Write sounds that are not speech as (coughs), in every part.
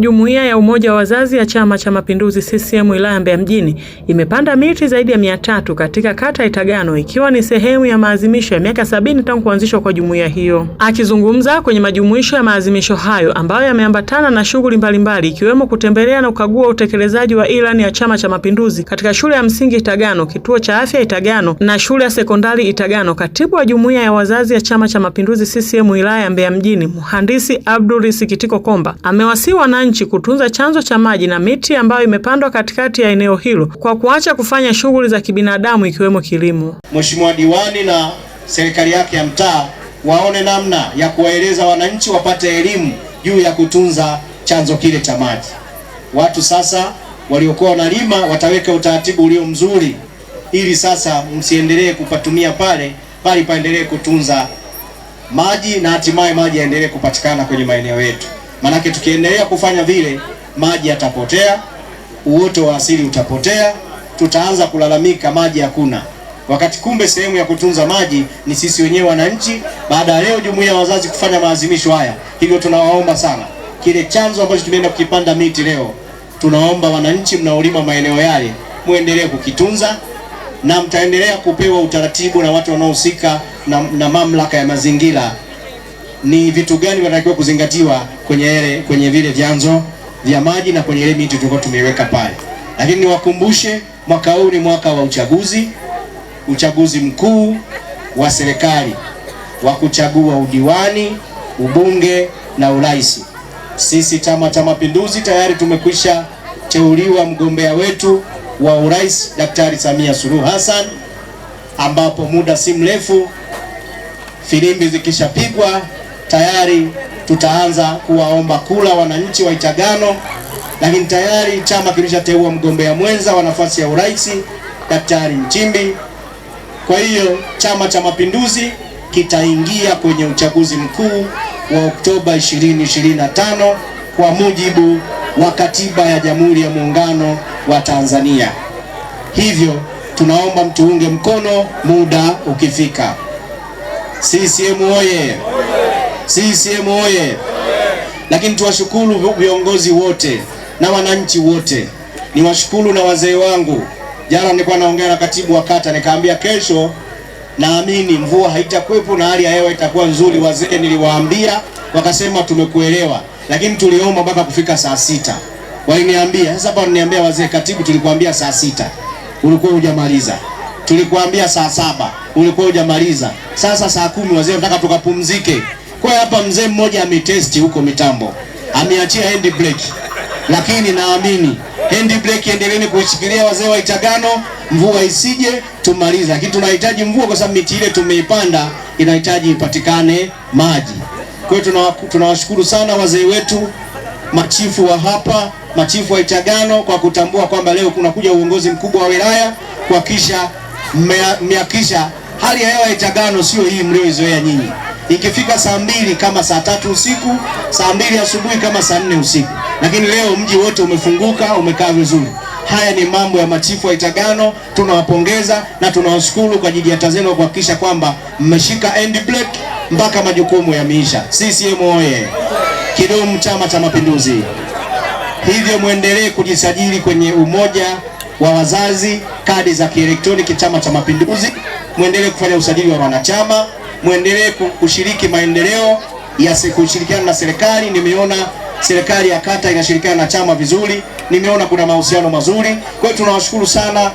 Jumuiya ya Umoja wa Wazazi ya Chama cha Mapinduzi CCM wilaya ya Mbeya mjini imepanda miti zaidi ya mia tatu katika kata ya Itagano ikiwa ni sehemu ya maadhimisho ya miaka sabini tangu kuanzishwa kwa jumuiya hiyo. Akizungumza kwenye majumuisho ya maadhimisho hayo ambayo yameambatana na shughuli mbalimbali ikiwemo kutembelea na kukagua utekelezaji wa ilani ya Chama cha Mapinduzi katika shule ya msingi Itagano, kituo cha afya Itagano na shule ya sekondari Itagano, katibu wa Jumuiya ya Wazazi ya Chama cha Mapinduzi CCM wilaya ya Mbeya mjini Mhandisi Abdul Sikitiko Komba amewasiwa na wananchi kutunza chanzo cha maji na miti ambayo imepandwa katikati ya eneo hilo kwa kuacha kufanya shughuli za kibinadamu ikiwemo kilimo. Mheshimiwa diwani na serikali yake ya mtaa waone namna ya kuwaeleza wananchi wapate elimu juu ya kutunza chanzo kile cha maji. Watu sasa waliokuwa wanalima wataweka utaratibu ulio mzuri, ili sasa msiendelee kupatumia pale, bali paendelee kutunza maji na hatimaye maji yaendelee kupatikana kwenye maeneo yetu. Maanake tukiendelea kufanya vile, maji yatapotea, uoto wa asili utapotea, tutaanza kulalamika maji hakuna, wakati kumbe sehemu ya kutunza maji ni sisi wenyewe wananchi. Baada ya leo jumuiya ya wazazi kufanya maazimisho haya, hivyo tunawaomba sana, kile chanzo ambacho tumeenda kukipanda miti leo, tunaomba wananchi mnaolima maeneo yale muendelee kukitunza na mtaendelea kupewa utaratibu na watu wanaohusika na, na mamlaka ya mazingira ni vitu gani vinatakiwa kuzingatiwa kwenye ele, kwenye vile vyanzo vya maji na kwenye ile miti tulikuwa tumeiweka pale. Lakini niwakumbushe mwaka huu ni mwaka wa uchaguzi, uchaguzi mkuu wa serikali wa kuchagua udiwani, ubunge na urais. Sisi Chama cha Mapinduzi tayari tumekwisha teuliwa mgombea wetu wa urais Daktari Samia Suluhu Hassan, ambapo muda si mrefu filimbi zikishapigwa tayari tutaanza kuwaomba kula wananchi wa Itagano, lakini tayari chama kilishateua mgombea mwenza wa nafasi ya urais Daktari Nchimbi. Kwa hiyo Chama cha Mapinduzi kitaingia kwenye uchaguzi mkuu wa Oktoba 2025 kwa mujibu wa katiba ya Jamhuri ya Muungano wa Tanzania. Hivyo tunaomba mtuunge mkono muda ukifika. CCM oye! CCM oye! Lakini tuwashukuru viongozi wote na wananchi wote, niwashukuru na wazee wangu. Jana nilikuwa naongea na katibu wa kata, nikaambia kesho naamini mvua haitakuwepo na hali ya hewa itakuwa nzuri. Wazee niliwaambia wakasema tumekuelewa, lakini tuliomba mpaka kufika saa sita waliniambia. Sasa hapa niambia wazee, katibu, tulikuambia saa sita ulikuwa hujamaliza, tulikuambia saa saba ulikuwa hujamaliza, sasa saa kumi wazee, nataka tukapumzike. Kwa hapa mzee mmoja ametesti huko mitambo, ameachia hand brake, lakini naamini hand brake endeleeni kuishikilia wazee wa Itagano, mvua isije tumaliza. Lakini tunahitaji mvua kwa sababu miti ile tumeipanda inahitaji ipatikane maji. Kwa hiyo tunawashukuru sana wazee wetu, machifu wa hapa, machifu wa Itagano kwa kutambua kwamba leo kunakuja uongozi mkubwa wa wilaya kuhakikisha mmeakisha hali ya hewa ya Itagano sio hii mlioizoea nyinyi ikifika saa mbili kama saa tatu usiku, saa mbili asubuhi kama saa nne usiku. Lakini leo mji wote umefunguka, umekaa vizuri. Haya ni mambo ya machifu wa Itagano, tunawapongeza na tunawashukuru kwa ajili ya kuhakikisha kwamba mmeshika end break mpaka majukumu yameisha. CCM oye! Kidumu Chama cha Mapinduzi! Hivyo mwendelee kujisajili kwenye umoja wa wazazi, kadi za kielektroniki Chama cha Mapinduzi, mwendelee kufanya usajili wa wanachama mwendelee kushiriki maendeleo ya kushirikiana na serikali. Nimeona serikali ya kata inashirikiana na chama vizuri, nimeona kuna mahusiano mazuri. Kwa hiyo tunawashukuru sana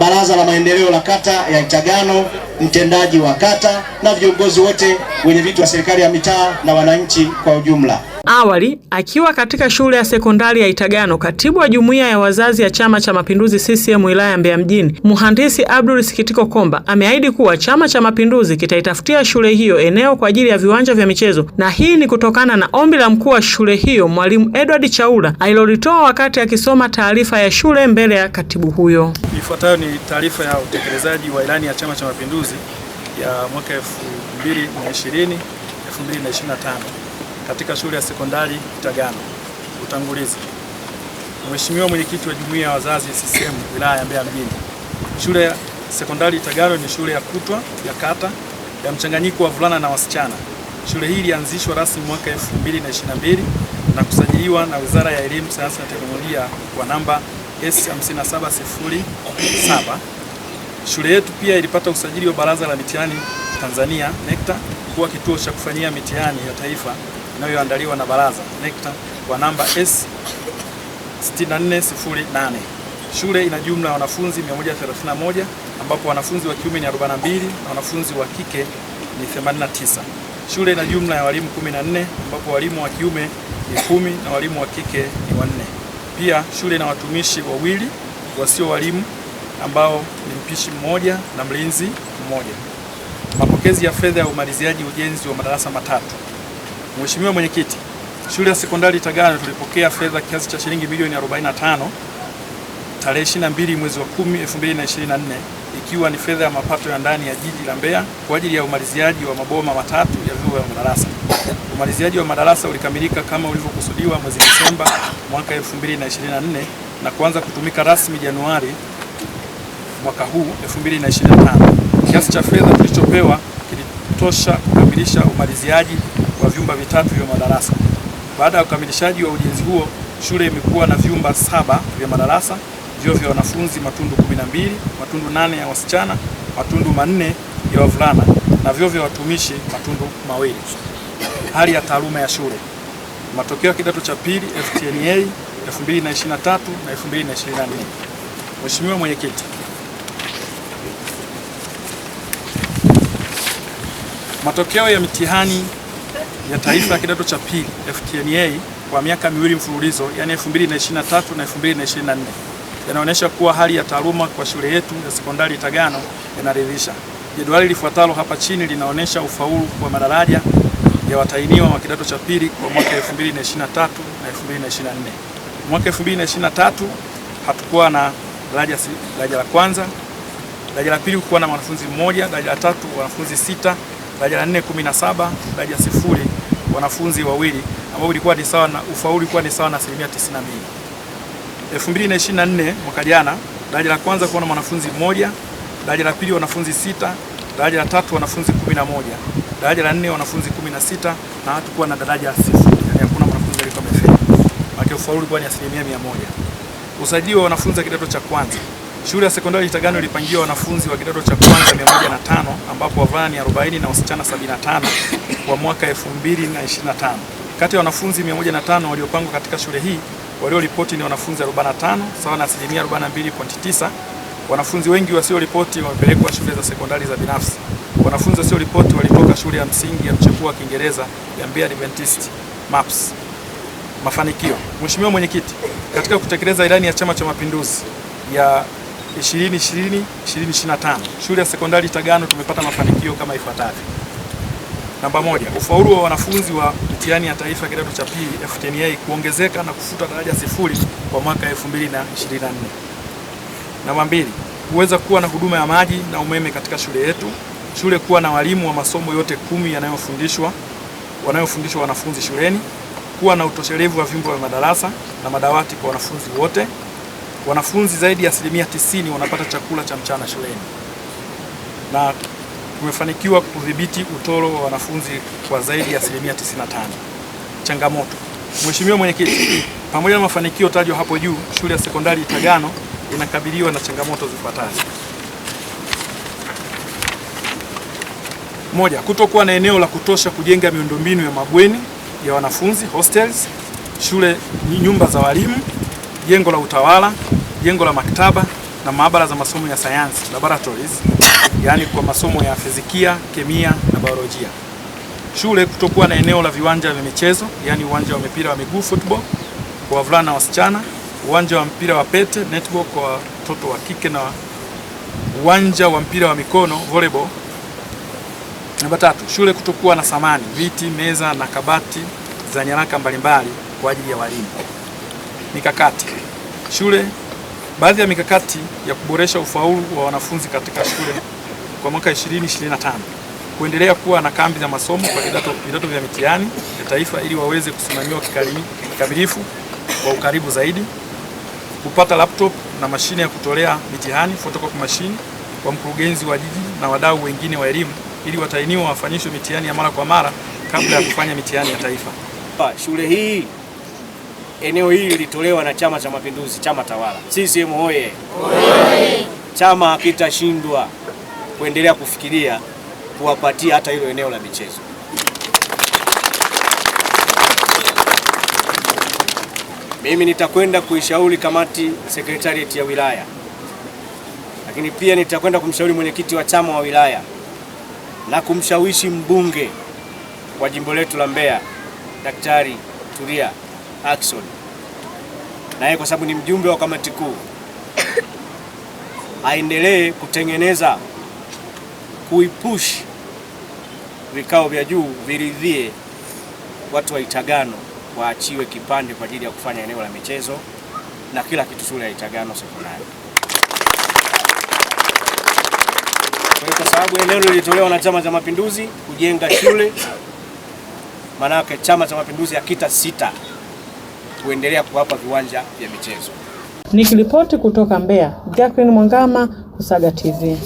baraza la maendeleo la kata ya Itagano, mtendaji wa kata na viongozi wote, wenye viti wa serikali ya mitaa na wananchi kwa ujumla. Awali akiwa katika shule ya sekondari ya Itagano, katibu wa jumuiya ya wazazi ya Chama cha Mapinduzi CCM wilaya ya Mbeya mjini, mhandisi Abdul Sikitiko Komba ameahidi kuwa Chama cha Mapinduzi kitaitafutia shule hiyo eneo kwa ajili ya viwanja vya michezo, na hii ni kutokana na ombi la mkuu wa shule hiyo Mwalimu Edward Chaula alilolitoa wakati akisoma taarifa ya shule mbele ya katibu huyo. Ifuatayo ni taarifa ya utekelezaji wa ilani ya Chama cha Mapinduzi ya mwaka 2020 2025 katika shule ya sekondari Kitagano. Utangulizi. Mheshimiwa mwenyekiti wa jumuiya ya wazazi CCM wilaya ya Mbeya mjini, shule ya sekondari Itagano ni shule ya kutwa ya kata ya mchanganyiko wa vulana na wasichana. Shule hii ilianzishwa rasmi mwaka 2022 na kusajiliwa na Wizara ya Elimu, Sayansi na Teknolojia kwa namba S5707. Shule yetu pia ilipata usajili wa baraza la mitihani Tanzania NECTA kuwa kituo cha kufanyia mitihani ya taifa inayoandaliwa na baraza NECTA kwa namba S 6408. Shule ina jumla ya wanafunzi 131 ambapo wanafunzi wa kiume ni 42 na wanafunzi wa kike ni 89. Shule ina jumla ya walimu 14 ambapo walimu wa kiume ni kumi na walimu wa kike ni wanne. Pia shule ina watumishi wawili wasio walimu ambao ni mpishi mmoja na mlinzi mmoja. Mapokezi ya fedha ya umaliziaji ujenzi wa madarasa matatu. Mheshimiwa Mwenyekiti, shule ya sekondari Itagano tulipokea fedha kiasi cha shilingi milioni 45 tarehe 22 mwezi wa 10 2024, ikiwa ni fedha ya mapato ya ndani ya jiji la Mbeya kwa ajili ya umaliziaji wa maboma matatu ya vyuo vya madarasa. Umaliziaji wa madarasa ulikamilika kama ulivyokusudiwa mwezi Desemba mwaka 2024 na kuanza kutumika rasmi Januari mwaka huu 2025. Kiasi cha fedha kilichopewa kilitosha kukamilisha umaliziaji wa vyumba vitatu vya madarasa. Baada ya ukamilishaji wa ujenzi huo, shule imekuwa na vyumba saba vya madarasa, vyoo vya wanafunzi matundu 12, matundu nane ya wasichana, matundu manne ya wavulana na vyoo vya watumishi matundu mawili. Hali ya taaluma ya shule. Matokeo ya kidato cha pili FTNA 2023 na 2024. Mheshimiwa Mwenyekiti, Matokeo ya mitihani ya taifa ya kidato cha pili FTNA kwa miaka miwili mfululizo, yani 2023 na 2024 yanaonyesha kuwa hali ya taaluma kwa shule yetu ya sekondari Itagano yanaridhisha. Jedwali lifuatalo hapa chini linaonyesha ufaulu wa madaraja ya watahiniwa wa kidato cha pili kwa mwaka 2023 na 2024. Mwaka 2023 hatukuwa na daraja daraja la kwanza, daraja la pili kulikuwa na wanafunzi mmoja, daraja la tatu wanafunzi sita daraja la 4 17, daraja sifuri wanafunzi wawili ambao ilikuwa ni sawa na ufaulu ulikuwa ni sawa na asilimia 92. 2024 mwaka jana daraja la kwanza kuwa na mwanafunzi mmoja, daraja la pili wanafunzi sita, daraja la tatu wanafunzi 11, daraja la nne wanafunzi 16 na hatukuwa na daraja sifuri, yani hakuna mwanafunzi aliyekuwa amefeli. Maana ufaulu ulikuwa ni asilimia 100. Usajili wa wanafunzi wa kidato cha kwanza. Shule ya sekondari Itagano ilipangiwa wanafunzi wa kidato cha kwanza 105 ambapo wavulana ni 40 na wasichana 75 kwa mwaka 2025. Kati ya wanafunzi 105 waliopangwa katika shule hii walioripoti ni wanafunzi 45 sawa na asilimia 42.9. Wanafunzi wengi wasioripoti wamepelekwa shule za sekondari za binafsi. Wanafunzi wasioripoti walitoka shule ya msingi ya mchepuo wa Kiingereza ya Mbeya Adventist MAPS. Mafanikio. Mheshimiwa Mwenyekiti, katika kutekeleza ilani ya Chama cha Mapinduzi ya 2020 2025 shule ya sekondari Tagano tumepata mafanikio kama ifuatavyo. Namba moja, ufaulu wa wanafunzi wa mtihani ya taifa kidato cha pili FTNA kuongezeka na kufuta daraja sifuri kwa mwaka 2024. Namba mbili, kuweza kuwa na huduma ya maji na umeme katika shule yetu, shule kuwa na walimu wa masomo yote kumi yanayofundishwa wanayofundishwa wanafunzi shuleni, kuwa na utoshelevu wa vyumba vya madarasa na madawati kwa wanafunzi wote. Wanafunzi zaidi ya asilimia tisini wanapata chakula cha mchana shuleni na tumefanikiwa kudhibiti utoro wa wanafunzi kwa zaidi ya asilimia 95. Changamoto. Mheshimiwa Mwenyekiti, pamoja na mafanikio tajwa hapo juu, shule ya sekondari Itagano inakabiliwa na changamoto zifuatazo. Moja, kutokuwa na eneo la kutosha kujenga miundombinu ya mabweni ya wanafunzi hostels, shule, nyumba za walimu jengo la utawala, jengo la maktaba na maabara za masomo ya sayansi laboratories, (coughs) yaani kwa masomo ya fizikia, kemia na biolojia. Shule kutokuwa na eneo la viwanja vya michezo, yaani uwanja wa mipira wa miguu football kwa wavulana na wasichana, uwanja wa mpira wa pete netball kwa watoto wa kike na uwanja wa mpira wa mikono volleyball. Namba tatu, shule kutokuwa na samani, viti, meza na kabati za nyaraka mbalimbali kwa ajili ya walimu. Mikakati shule. Baadhi ya mikakati ya kuboresha ufaulu wa wanafunzi katika shule kwa mwaka 2025 kuendelea kuwa na kambi za masomo kwa vidato vya mitihani ya taifa ili waweze kusimamiwa kikamilifu kwa ukaribu zaidi, kupata laptop na mashine ya kutolea mitihani photocopy machine kwa mkurugenzi wa jiji na wadau wengine wa elimu ili watahiniwa wafanyishwe mitihani ya mara kwa mara kabla ya kufanya mitihani ya taifa. Shule hii eneo hili lilitolewa na Chama cha Mapinduzi, chama tawala. CCM hoye! Chama kitashindwa kuendelea kufikiria kuwapatia hata hilo eneo la michezo. Mimi nitakwenda kuishauri kamati sekretarieti ya wilaya, lakini pia nitakwenda kumshauri mwenyekiti wa chama wa wilaya na kumshawishi mbunge wa jimbo letu la Mbeya Daktari Tulia Ackson, naye kwa sababu ni mjumbe wa kamati kuu aendelee kutengeneza kuipush vikao vya juu viridhie watu wa Itagano waachiwe kipande kwa ajili ya kufanya eneo la michezo na kila kitu shule ya Itagano sekondari. Kwa sababu eneo lilitolewa na Chama cha Mapinduzi kujenga shule, maanake Chama cha Mapinduzi hakita sita kuendelea kuwapa viwanja vya michezo. Nikiripoti kutoka Mbeya, Jacqueline Mwangama, Kusaga TV.